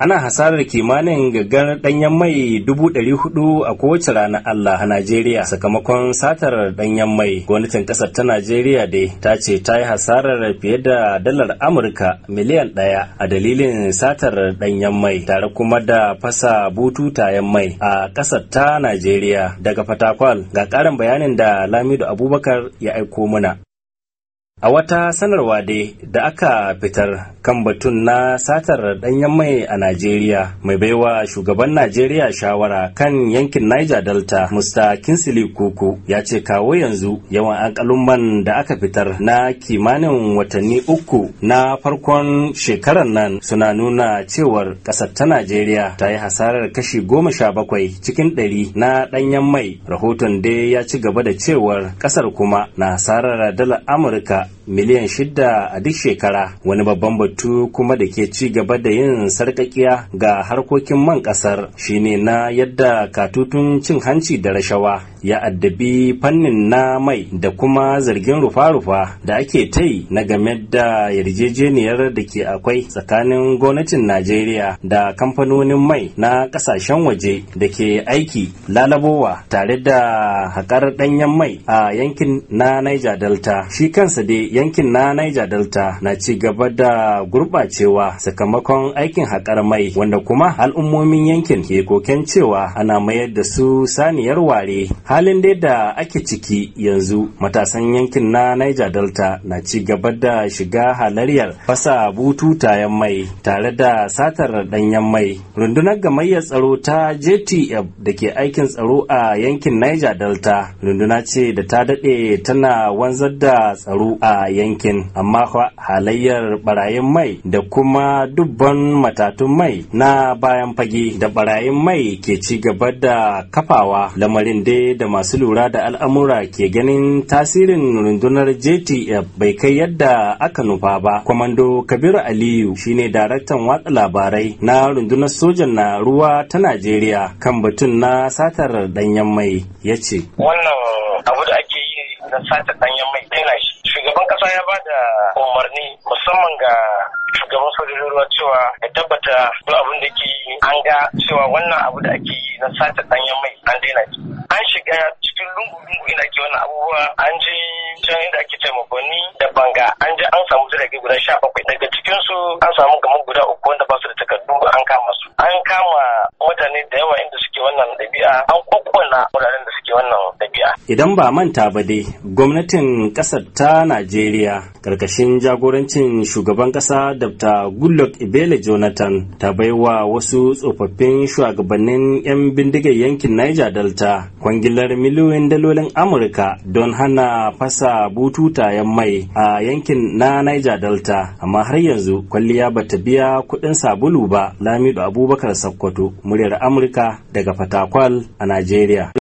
ana hasarar kimanin gaggar danyen mai dubu ɗari hudu a kowace ranar Allah a Najeriya sakamakon satar danyen mai gwamnatin ƙasar ta Najeriya dai ta ce ta yi hasarar fiye da dalar Amurka miliyan ɗaya a dalilin satar danyen mai tare kuma da fasa bututayen mai a ƙasar ta Najeriya daga Fatakwal ga ƙarin bayanin da Lamido Abubakar ya aiko mana. A wata sanarwa dai da aka fitar kan batun na satar danyen mai a Najeriya mai baiwa shugaban Najeriya shawara kan yankin Niger Delta Mr. Kinsley Kuku ya ce kawo yanzu yawan akalumman da aka fitar na kimanin watanni uku na farkon shekarar nan suna nuna cewar ƙasar ta Najeriya ta yi hasarar kashi goma sha bakwai cikin ɗari na ɗanyen mai rahoton dai ya ci gaba da cewar ƙasar kuma na hasarar dalar Amurka miliyan shida a duk shekara wani babban batu kuma da ke ci gaba da yin sarƙaƙiya ga harkokin man ƙasar shine na yadda katutun cin hanci da rashawa ya addabi fannin na mai da kuma zargin rufa-rufa da ake ta yi na game da yarjejeniyar da ke akwai tsakanin gwamnatin najeriya da kamfanonin mai na kasashen waje da ke aiki lalabowa tare da haƙar ɗanyen mai a yankin na niger delta shi kansa dai yankin na niger delta na ci gaba da gurɓacewa sakamakon aikin haƙar mai wanda kuma al'ummomin yankin ke koken cewa ana mayar da su saniyar ware halin dai da ake ciki yanzu matasan yankin na niger delta na ci gaba da shiga halayyar fasa yan mai tare da satar ɗanyen mai rundunar gamayyar tsaro ta jtf da ke aikin tsaro a yankin niger delta runduna ce da ta daɗe tana wanzar da tsaro a yankin amma halayyar barayin mai da kuma dubban matatun mai na bayan fage da barayin mai ke ci gaba da kafawa lamarin dai yadda masu lura da al'amura ke ganin tasirin rundunar JTF bai kai yadda aka nufa ba. Kwamando Kabiru Aliyu shine daraktan watsa labarai na rundunar sojan na ruwa ta Najeriya kan batun na satar danyen mai ya ce. Wannan abu da ake yi na satar danyen mai tana shi. Shugaban kasa ya ba da umarni musamman ga shugaban sojojin ruwa cewa ya tabbata duk abin da ke an ga cewa wannan abu da ake yi na sata danyen mai an daina ki an shiga cikin lungu-lungu ina ke wannan abubuwa an je can inda ake taimakonni da banga an je an samu jirage guda sha bakwai daga cikinsu an samu gaman guda uku wanda ba su da takardu an kama su an kama mutane da yawa inda suke wannan ɗabi'a an kwakkwana wuraren da ɗauki wannan ɗabi'a. Idan ba manta ba dai gwamnatin ƙasar ta Najeriya ƙarƙashin jagorancin shugaban ƙasa Dr. Goodluck Ibele Jonathan ta baiwa wasu tsofaffin shugabannin 'yan bindigar yankin Niger Delta kwangilar miliyoyin dalolin Amurka don hana fasa bututayen mai a yankin na Niger Delta amma har yanzu kwalliya ba ta biya kuɗin sabulu ba Lamidu Abubakar Sakkwato muryar Amurka daga Fatakwal a Najeriya.